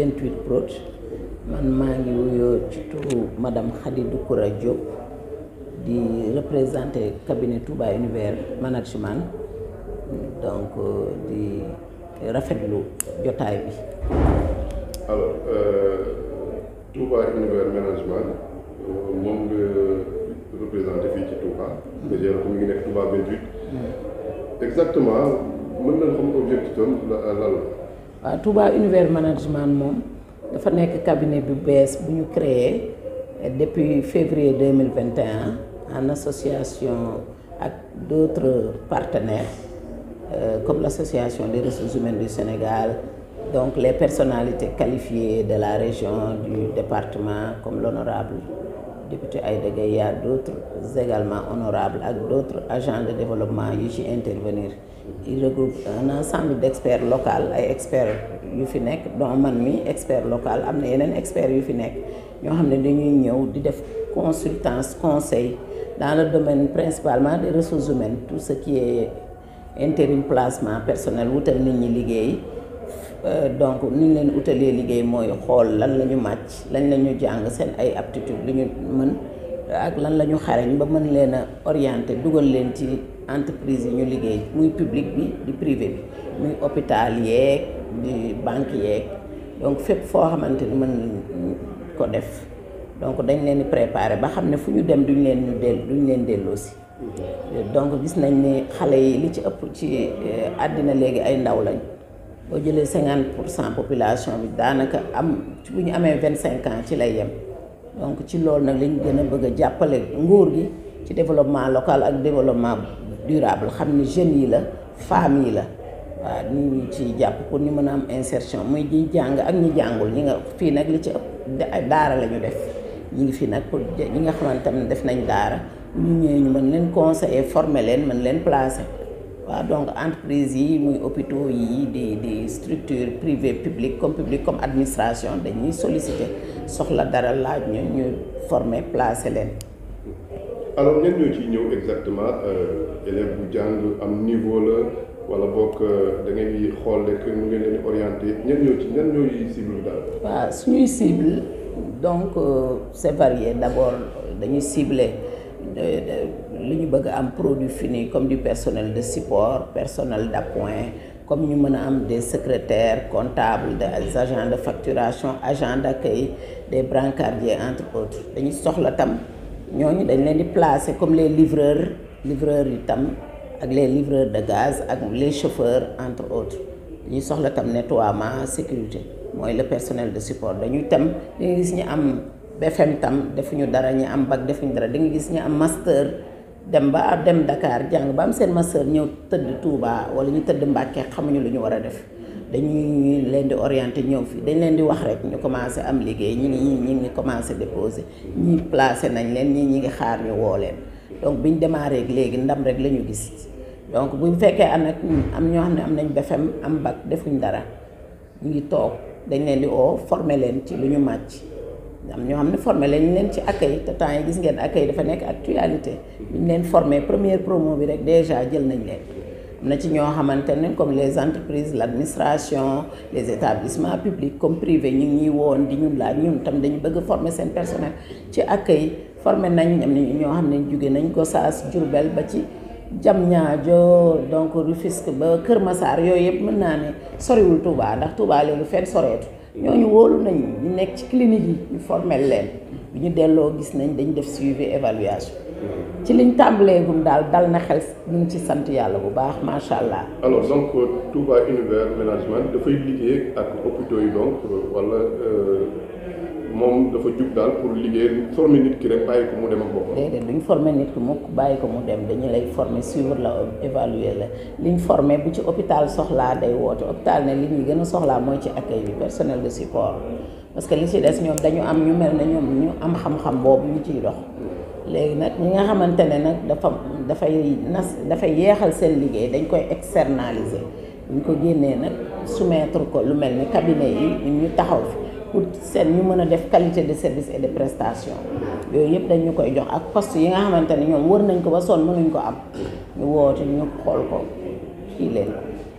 28 Prod man maa ngi wuyoo ci turu madame Khady Doucoura di représenter cabinet Touba Univers Management donc euh, di rafetlu jotaay bi. alors euh, Touba Univers Management euh, moom nga représenté fii ci Touba. nga jël mm. exactement mën nañu xam objectif am waaw Touba univers management moom dafa nekk cabinet bu bees bu ñu créé eh, depuis février 2021 en association ak d'autres partenaires euh, comme l'association des ressources humaines du Sénégal donc les personnalités qualifiées de la région du département comme l'honorable député ay Gaye y a d'autres également honorables ak d'autres agents de développement yu ci intervenir il regroupe un ensemble d'experts locaux ay experts yu fi nekk dont man mi expert local am na yeneen experts yu fi nekk ñoo xam ne dañuy ñëw di def consultance conseil dans le domaine principalement des ressources humaines tout ce qui est intérim placement personnel wutal nit ñi liggéey Euh, donc ni ñu leen utalee liggéey mooy xool lan la ñu màcc lañ la ñu jàng seen ay aptitude li ñu mën ak lan la ñu xarañ ba mën leen a orienté dugal leen ci entreprise yi ñu liggéey muy public bi di privé muy hôpital yeeg di yeeg donc fépp foo xamante mën ko def donc dañ leen di préparer ba xam ne fu ñu dem duñ leen ñu del duñ leen delloosi mm-hmm. donc gis nañ ni xale yi li ci ëpp ci euh, àddina léegi ay ndaw lañ boo jëlee cinquante pour cent population bi daanaka am ci bu ñu amee vingt cinq ans ci lay yem donc ci loolu nag lañu gën a bëgg a jàppale nguur gi ci développement local ak développement durable xam ni jeunes yi la femmes yi la waaw ñu ngi ciy jàpp pour ñu mën a am insertion muy ñi jàng ak ñi jàngul ñi nga fii nag li ci ëpp daara la ñu def ñi ngi fii nag pour ñi nga xamante ne def nañ daara ñu ñëwee ñu mën leen conseiller former leen mën leen placer. waa donc entreprise yi muy hôpitaux yi di di structures privées publiques comme publique comme administration dañuy sollicité soxla dara laaj ñu ñu former placer leen. alors ñenn ñoo ciy ñëw exactement euh, élève bu jàng am niveau la wala boog euh, da ngay xool rek nu ngeen leen orienté ñenn ñoo ci ñenn ñooy cible daal. waaw suñuy donc euh, c'est varié d'abord dañuy ciblé. li ñu bëgg am produit fini comme du personnel de support personnel d'appoint comme ñu mën a am des secrétaires comptables des agents de facturation agents d'accueil des brancardiers entre autres dañu soxla tam ñooñu dañ leen di placer comme les livreurs livreurs yi tam ak les livreurs de gaz ak les chauffeurs entre autres dañuy soxla tam nettoiement sécurité mooy le personnel de support dañuy tam dañuy gis ñu am BFEM tam defuñu dara ñu am bac defuñu dara da nga gis ñu am master dem ba dem Dakar jàng ba am seen master ñëw tëdd Touba wala ñu tëdd Mbàkke xamuñu lu ñu war a def dañuy leen di orienté ñëw fii dañ leen di wax rek ñu commencé am liggéey ñi ñi ñi ngi commencé déposé ñi placé nañ leen ñii ñi ngi xaar ñu woo leen donc bi ñu ak léegi ndam rek la ñu gis donc buñ fekkee am nag am ñoo xam ne am nañ BFEM am bac defuñ dara ñu ngi toog dañ leen di oo formé leen ci lu ñu màcc am ñoo xam ne formé lañ leen ci accueil te temps yi gis ngeen accueil dafa nekk actualité ñu leen formé première promo bi rek déjà jël nañ leen am na ci ñoo xamante ne comme les entreprises l'administration les établissements publics comme privés ñu ngi ñuy woon di ñu laaj ñun tam dañu bëgg former seen personnel ci yi formé nañ am na ñoo xam ne jóge nañ ko saas Jurbel ba ci jam Diamniadio donc Rufisque ba Kër Massar yooyu yëpp mën naa ne soriwul Touba ndax Touba loolu fenn soreetu ñooñu wóolu nañu ñu nekk ci clinique yi ñu formel leen bi ñu delloo gis nañ dañ def suivi évaluation ci liñ tàmbaleegum daal dal na xel ñu ci sant yàlla bu baax macha allah. alors donc Touba Univers Ménagement dafay liggéey ak hôpitaux yi donc wala. Euh, moom dafa jub daal pour liggéey du former nit ki rek bàyyi ko mu dem ak boppam. déedéet duñ former nit ki mukk bàyyi ko mu dem dañu lay former suivre la évaluer la liñ former bu ci hôpital soxlaa day woote hôpital ne li ñuy gën a soxlaa mooy ci accueil bi personnel de support. parce que li ci des ñoom dañu am ñu mel ne ñoom ñu am xam-xam boobu ñu ciy dox léegi nag ñi nga xamante ne nag dafa dafay nas dafay yeexal seen liggéey dañ koy externaliser buñ ko génnee nag soumettre ko lu mel ni cabinet taxaw pour seen ñu mën a def qualité de service et de prestation yooyu yëpp dañ koy jox ak poste yi nga xamante ne ñoom wër nañ ko ba sonn mënuñ ko am ñu woote ñu xool ko kii leen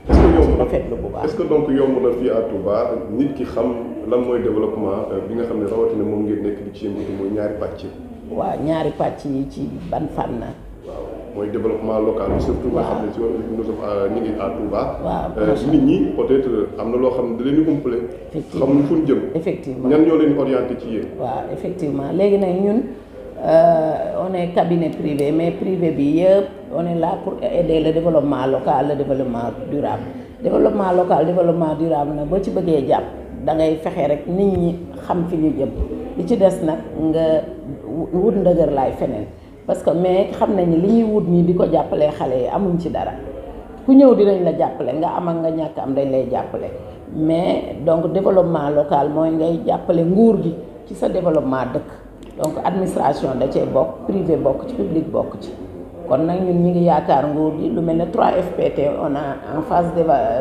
ko rafetlu bu baax est-ce que donc yomb na fii à Touba nit ki xam lan mooy développement euh, bi nga xam ne rawatina moom ngeen nekk di ci yëngatu mooy ñaari pàcc waaw ñaari pàcc yi ci ban fan na mooy développement local bi surtout nga xam ne si euh, euh, nit ñi peut être am na loo xam ne da leen di umpale. effectivement xamuñ fu ñu jëm. effectivement ñan ñoo leen orienté ci yéen. waaw effectivement léegi nag ñun euh, on est cabinet privé mais privé bi yëpp on est là pour aider le développement local développement durable. développement local développement durable na boo ci bëggee jàpp da ngay fexe rek nit ñi xam fi ñu jëm li ci des nag nga wut ndëgër laay feneen. parce que mais xam nañu li ñuy wut nii di ko jàppalee xale yi amuñ ci dara ku ñëw dinañ la jàppale nga am nga ñàkk am dañ lay jàppale mais donc développement local mooy ngay jàppale nguur gi ci sa développement dëkk donc administration da cee bokk privé bokk ci public bokk ci kon nag ñun ñu ngi yaakaar nguur gi lu mel ne trois fpt on a en phase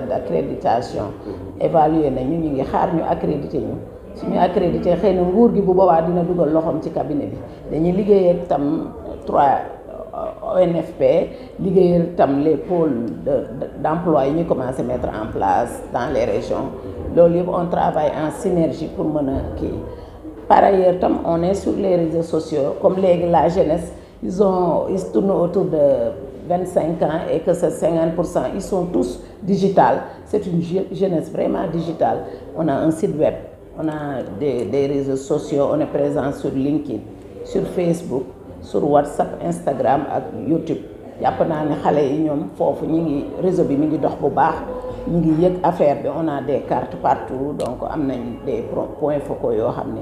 d'accréditation évalué na ñu ñu ngi xaar ñu accrédité ñu suñu accrédité xëy na nguur gi bu boobaa dina dugal loxoom ci cabinet bi 3 euh, ONFP liggéeyal tam les pôles de d'emploi yi ñu commencé mettre en place dans les régions loolu yëpp on travaille en synergie pour mën a kii par ailleurs tam on est sur les réseaux sociaux comme léegi la jeunesse ils ont ils se tournent autour de vingt cinq ans et que c'est cinquante pour cent ils sont tous digitales c'est une jeunesse vraiment digitale on a un site web on a des des réseaux sociaux on est présent sur LinkedIn sur Facebook sur WhatsApp Instagram ak YouTube jàpp naa ne xale yi ñoom foofu ñu ngi réseau bi mu ngi dox bu baax ñu ngi yëg affaire bi on a des cartes partout donc am nañ des points focaux yoo xam ne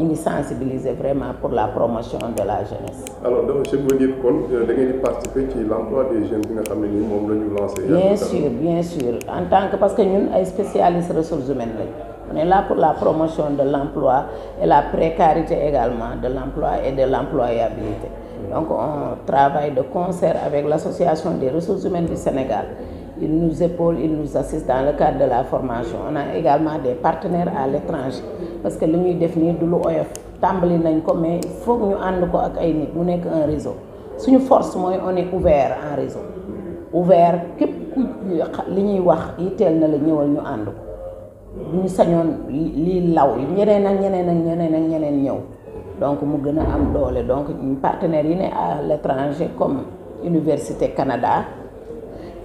ñu ngi sensibiliser vraiment pour la promotion de la jeunesse. alors donc je veux dire kon euh, da ngeen di participer ci l'emploi des nga xam ne nii moom la ñu bien sûr bien sûr en tant que parce que ñun ay spécialistes ressources humaines lañ. On est là pour la promotion de l'emploi et la précarité également de l'emploi et de l'employabilité. Donc on travaille de concert avec l'Association des ressources humaines du Sénégal. Ils nous épaulent, ils nous assistent dans le cadre de la formation. On a également des partenaires à l'étranger parce que li ñuy def nii du lu oyof tàmbali nañ ko mais il ñu ànd ko ak ay nit mu nekk un réseau suñu force mooy on est ouvert en réseau ouvert képp ku li ñuy wax yitteel na la ñëwal ñu ànd ko bu ñu sañoon lii law ñeneen ak ñeneen ak ñeneen ak ñeneen ñëw donc mu gën a am doole donc partenaires yi ne à l'étranger comme Université Canada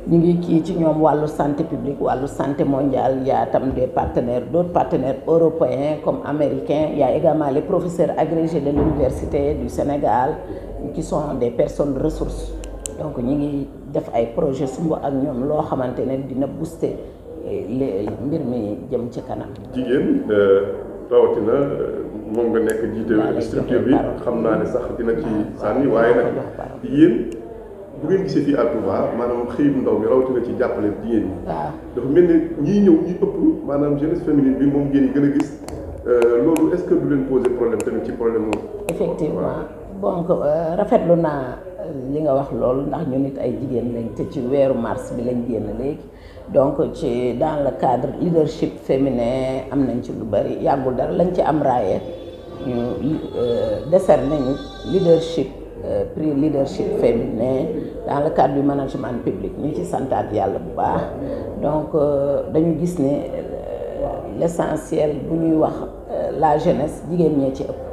ñu ngi kii ci ñoom wàllu santé publique wàllu santé mondiale y a tam des partenaires d'autres partenaires européens comme américains y a également les professeurs agrégés de l'université du Sénégal qui sont des personnes ressources donc ñu ngi def ay projets sumb ak ñoom loo xamante ne dina booster mbir mi jëm ci kanam. jigéen euh, rawatina euh, moom nga nekk jiite structure bi xam naa ne sax dina ci sànni waaye nag yéen bu ngeen gisee fii à Touba maanaam xëy bu ndaw bi rawatina ci jàppale jigéen ñi. dafa mel ne ñiy ñëw ñi ëpp maanaam jeunesse féminine bi moom ngeen gën a gis euh, loolu est-ce que du leen poser problème tamit ci problème moom. effectivement bon rafetlu naa. li nga wax loolu ndax ñu nit ay jigéen lañ te ci weeru mars bi lañ génn léegi donc ci dans le cadre leadership féminin am nañ ci lu bari yàggul dara lañ ci am raaye ñu euh, décerné nañu leadership euh, prix leadership féminin dans le cadre du management public ñu ci santaat yàlla bu baax donc euh, dañu gis ni l'essentiel bu ñuy wax la jeunesse jigéen ñee ci ëpp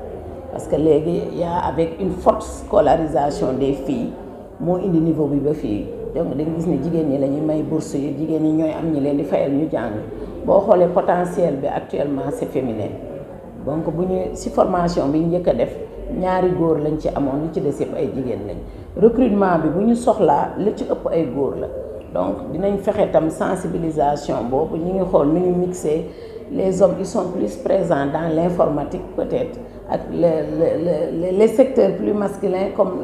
parce que léegi yaa avec une forte scolarisation des fii moo indi niveau bi ba fii donc dañu gis ni jigéen ñi la ñuy may bourse yi jigéen ñi ñooy am ñi leen di fayal ñu jàng boo xoolee potentiel bi actuellement c'est féminin donc bu ñu si formation bi njëkk a def ñaari góor lañ ci amoon li ci des yëpp ay jigéen lañ recrutement bi bu ñu soxlaa li ci ëpp ay góor la donc dinañ fexe tam sensibilisation boobu ñu ngi xool nu ñu mixé les hommes ils sont plus présents dans l'informatique peut-être ak le le les secteurs plus masculins comme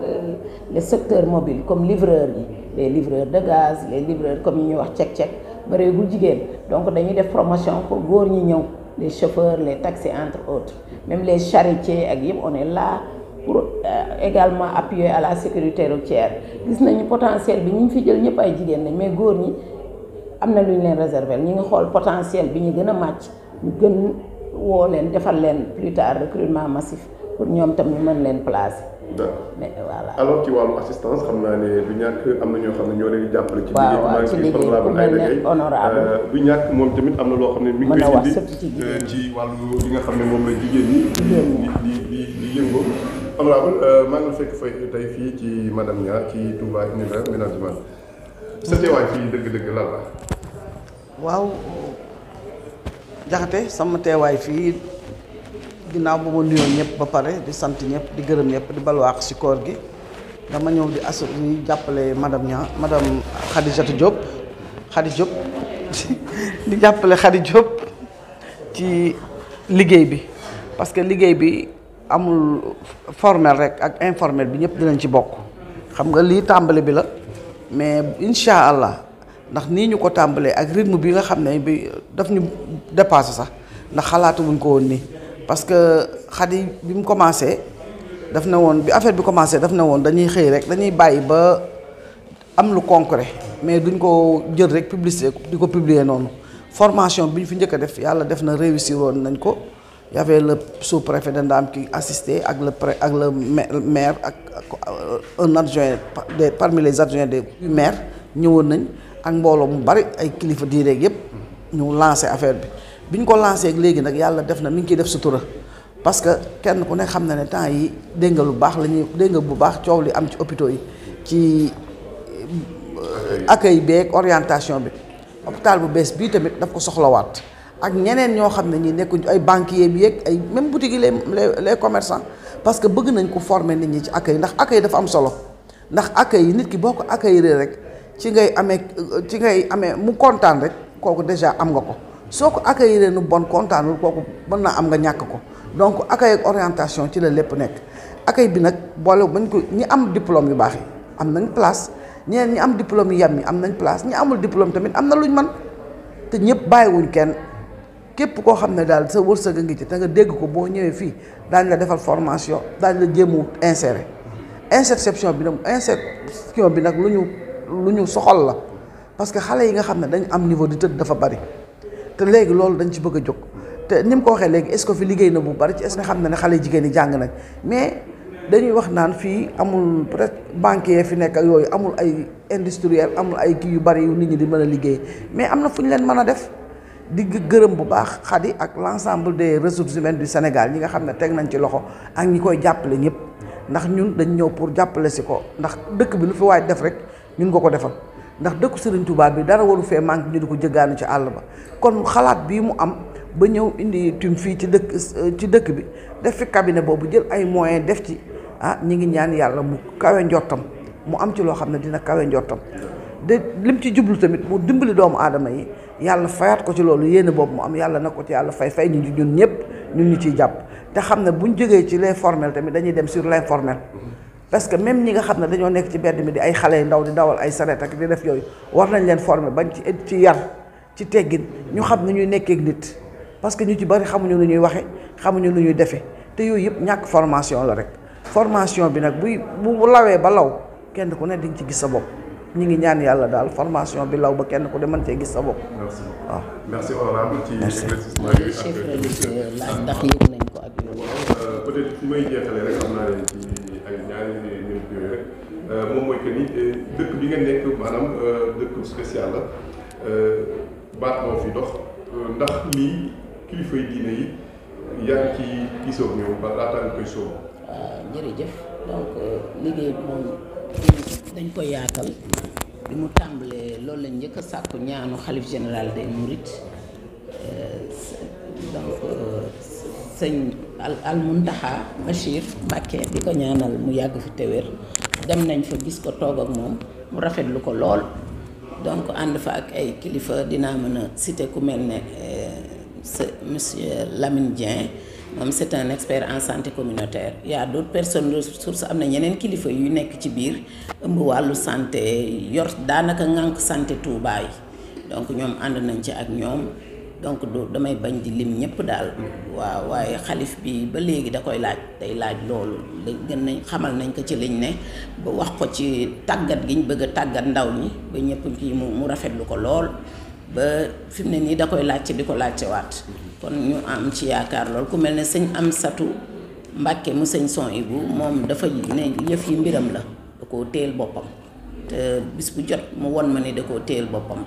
les secteurs mobile comme livreurs yi les livreurs de gaz les livreurs comme yi ñuy wax cek-cek bëreegul jigéen donc dañuy def promotion pour góor ñi ñëw les chauffeurs les taxis entre autres même les charretiers ak yëpp on est là pour euh, également appuyer à la sécurité routière gis nañu potentiel bi ñu fi jël ñëpp ay jigéen lañ mais góor ñi am na lu ñu leen réserver ñu ngi xool potentiel bi ñu gën a màcc ñu gën woo leen defal leen plus tard recrutement massif pour ñoom tam ñu leen placer. mais voilà alors ci wàllu xam naa ne du ñàkk am na ñoo xam ñoo leen di jàppale. ci liggéey maa ngi ciy honorable euh, du ñàkk moom tamit am na loo xam ne. mi ngi koy indi euh, ci wàllu li nga xam ne moom la jigéen ñi. di di di yëngoo. honorable euh, maa ngi fekk fay tey fii ci madame Nia ci Touba Univers Ménagement. sa teewaay ci dëgg-dëgg lan la. waaw. jaxate sama teewaay fii ginnaaw ba ma nuyoo ñëpp ba pare di sant ñëpp di gërëm ñëpp di balwaax ci koor gi dama ñëw di assu ñuy jàppale madame ña xadi Khadijatu Diop xadi Diop di jàppale xadi Diop ci liggéey bi parce que liggéey bi amul formel rek ak informel bi ñëpp dinañ ci bokk xam nga lii tàmbali bi la mais incha allah ndax nii ñu ko tàmbalee ak rythme bi nga xam ne bi daf ñu dépassé sax ndax xalaatu wuñ ko woon nii parce que Khady bi mu commencé daf na woon bi affaire bi commencé daf na woon dañuy xëy rek dañuy bàyyi ba am lu concret mais duñ ko jël rek publicité di ko publier noonu formation bi ñu fi njëkk a def yàlla def na réussir woon nañ ko y avait le sous-préfet de Ndam qui assistait ak le pré ak le maire ak euh, un adjoint parmi les adjoints du maire ñëwoon nañ ak mbooloo mu bari ay kilifa diine yëpp ñu lancé affaire bi bi ñu ko lancé léegi nag yàlla def na mi ngi ciy def sutura parce que kenn ku ne xam na ne temps yi dégg lu baax la ñuy dégg nga coow li am ci hôpitaux yi ci accueil beeg orientation bi hôpital bu bees bii tamit daf ko soxlawaat ak ñeneen ñoo xam ne ñi nekkuñ ay banquier bi yeeg ay même boutique yi les les commerçants parce que bëgg nañ ko former nit ñi ci accueil ndax accueil dafa am solo ndax accueil yi nit ki boo ko accueillir rek ci ngay amee ci ngay amee mu kontaan rek kooku déjà am nga ko soo ko accueillir nu bon kontaanul kooku mën naa am nga ñàkk ko donc accueil orientation ci la lépp nekk accueil bi nag boole bañ ko ñi am diplôme yu baax yi am nañ place ñeen ñi am diplôme yu yam yi am nañ place ñi amul diplôme tamit am na lu luñ man te ñëpp bàyyiwuñ kenn képp koo xam ne daal sa wërsëg a ngi ci te nga dégg ko boo ñëwee fii daañ nga defal formation daañ la jéemu insérer insertion bi nag insertion bi nag lu ñu lu ñu soxol la parce que xale yi nga xam ne dañ am niveau di tëdd dafa bari te léegi loolu dañ ci bëgg a jóg te ni mu ko waxee léegi est-ce que fi liggéey na bu bari ci est-ce que xam na ne xale jigéen yi jàng nañ mais dañuy wax naan fii amul peut banque yee fi nekk ak yooyu amul ay industriel amul ay kii yu bari yu nit ñi di mën a liggéey mais am na fu ñu leen mën a def di gërëm bu baax Khady ak l'ensemble de ressources humaines du Sénégal ñi nga xam ne teg nañ ci loxo ak ñi koy jàppale ñëpp ndax ñun dañ ñëw pour jàppale si ko ndax dëkk bi lu fi def rek. ñun nga ko defal ndax dëkku Serigne tubaab bi dara waru fee manque ñu di ko jëggaanu ci àll ba kon xalaat bii mu am ba ñëw indi tum fii ci dëkk ci dëkk bi def fi cabinet boobu jël ay moyen def ci ah ñu ngi ñaan yàlla mu kawe njottam mu am ci loo xam ne dina kawe njottam de lim ci jublu tamit mu dimbali doomu aadama yi yàlla fayaat ko ci loolu yéene boobu mu am yàlla nag ko ci yàlla fay fay ñu ñun ñëpp ñun ñu ciy jàpp te xam ne ñu jógee ci les formels tamit dañuy dem sur l'informel parce que même ñi nga xam ne dañoo nekk ci mbedd mi di ay xale yu ndaw di dawal ay saret ak di def yooyu war nañ leen former bañ ci ci yar ci teggin ñu xam ni ñuy nekkee ak nit parce que ñu ci bari xamuñu lu ñuy waxe xamuñu lu ñuy defee te yooyu yëpp ñàkk formation la rek formation bi nag buy bu lawee ba law kenn ku ne di ci gis sa bopp ñu ngi ñaan yàlla daal formation bi law ba kenn ku ne mën cee gis sa bopp. merci waaw merci honorable Euh, moom mooy que euh, dëkk bi nga nekk maanaam euh, dëkk spécial la baat moo fi dox ndax lii kilifa yi yi yaa ngi gisoo ñëw ba laataa nga koy sóobu. waaw ah, jërëjëf donc liggéey moom dañ ko yaatal bi mu tàmbalee loolu lañ njëkk a sàkku ñaanu xalif général des Mourides donc sëñ al al Muntaxa Bachir Mbàkke di ko ñaanal mu yàgg fi te dem nañ fa gis ko toog ak moom mu rafetlu ko lool donc ànd fa ak ay kilifa dinaa mën a citer ku mel ne euh, monsieur Lamine Dieng moom c'est un expert en santé communautaire il y a d'autres am na ñeneen kilifa yu nekk ci biir ëmb wàllu santé yor daanaka ŋànk santé Touba yi donc ñoom ànd nañ ci ak ñoom. donc du damay bañ di lim ñëpp daal waaw waaye xalif bi ba léegi da koy laaj day laaj loolu li gën nañ xamal nañ ko ci liñ ne ba wax ko ci tàggat gi ñu bëgg a tàggat ndaw ñi ba ñëpp kii mu mu rafetlu ko lool ba fi mu ne nii da koy laajte di ko laajte waat kon ñu am ci yaakaar lool ku mel ne sëñ am satu Mbàkke mu sëñ son ibu moom dafa ne yëf yi mbiram la da koo téel boppam te bis bu jot mu won ma ne da koo téel boppam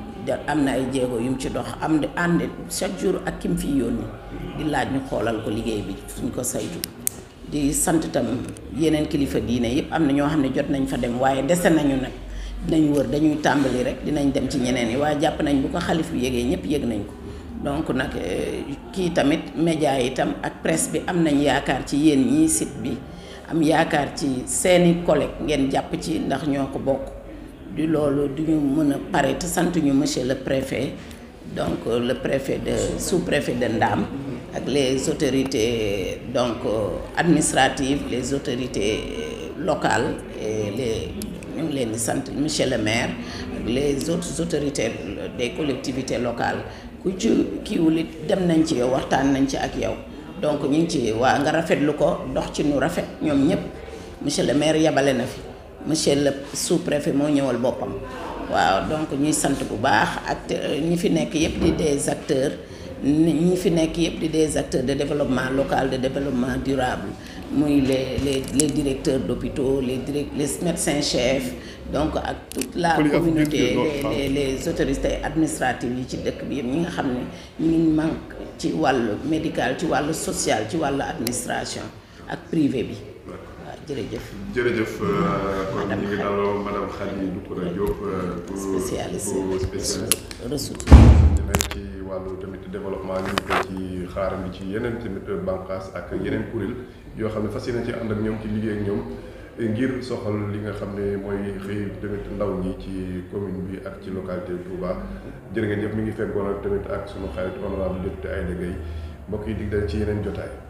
am na ay jéego yu mu ci dox am di ànd chaque jour ak ki mu yoon yónni di laaj ñu xoolal ko liggéey bi suñ ko saytu di sant itam yeneen kilifa diine yëpp am na ñoo xam ne jot nañ fa dem waaye dese nañu nag dinañ wër dañuy tàmbali rek dinañ dem ci ñeneen yi waaye jàpp nañ bu ko xalif bi yëgee ñëpp yëg nañ ko donc nag eh, kii tamit média yi itam ak presse bi am nañ yaakaar ci yéen ñii site bi am yaakaar ci seeni collègue ngeen jàpp ci ndax ñoo ko bokk di loolu duñu mën a pare te sant ñu monsieur le préfet donc euh, le préfet de sous-préfet de Ndam ak les autorités donc euh, administratives les autorités euh, locales et les ñu ngi leen di sant monsieur le maire ak les autres autorités des collectivités locales ku ci kiiwulit dem nañ ci yow waxtaan nañ ci ak yow donc ñu ngi ci waa nga rafetlu ko dox ci nu rafet ñoom ñëpp monsieur le maire yabale na fi monsieur le sous-préfet moo ñëwal boppam waaw donc ñuy sant bu baax act euh, ñi fi nekk yëpp di des acteurs ñi fi nekk yëpp di des acteurs de développement local de développement durable muy les les les directeurs d'hôpitaux les direct les médecins chefs donc ak toute la communauté les les autorités administratives yi ci dëkk bi yëpp ñi nga xam ne ñu ngi ci wàllu médical ci wàllu social ci wàll administration ak privé bi jërëjëf jërëjëf euh, kon ñu ngi daloo madame Khady Doucoura Diop euh, spécialiste ressources dinañ ci wàllu tamit développement ñu ngi ko ci ci yeneen tamit bànqaas ak yeneen kuréel yoo xam ne fas yéene ci ànd ak ñoom ci liggéey ñoom ngir soxal li nga xam ne mooy xëy tamit ndaw ñi ci commune bi ak ci localité Touba jërë ngeen ñëpp mi ngi fekkoon tamit ak sunu xarit honorable député Aïda Gueye mbokk yi dig dañ ci yeneen jotaay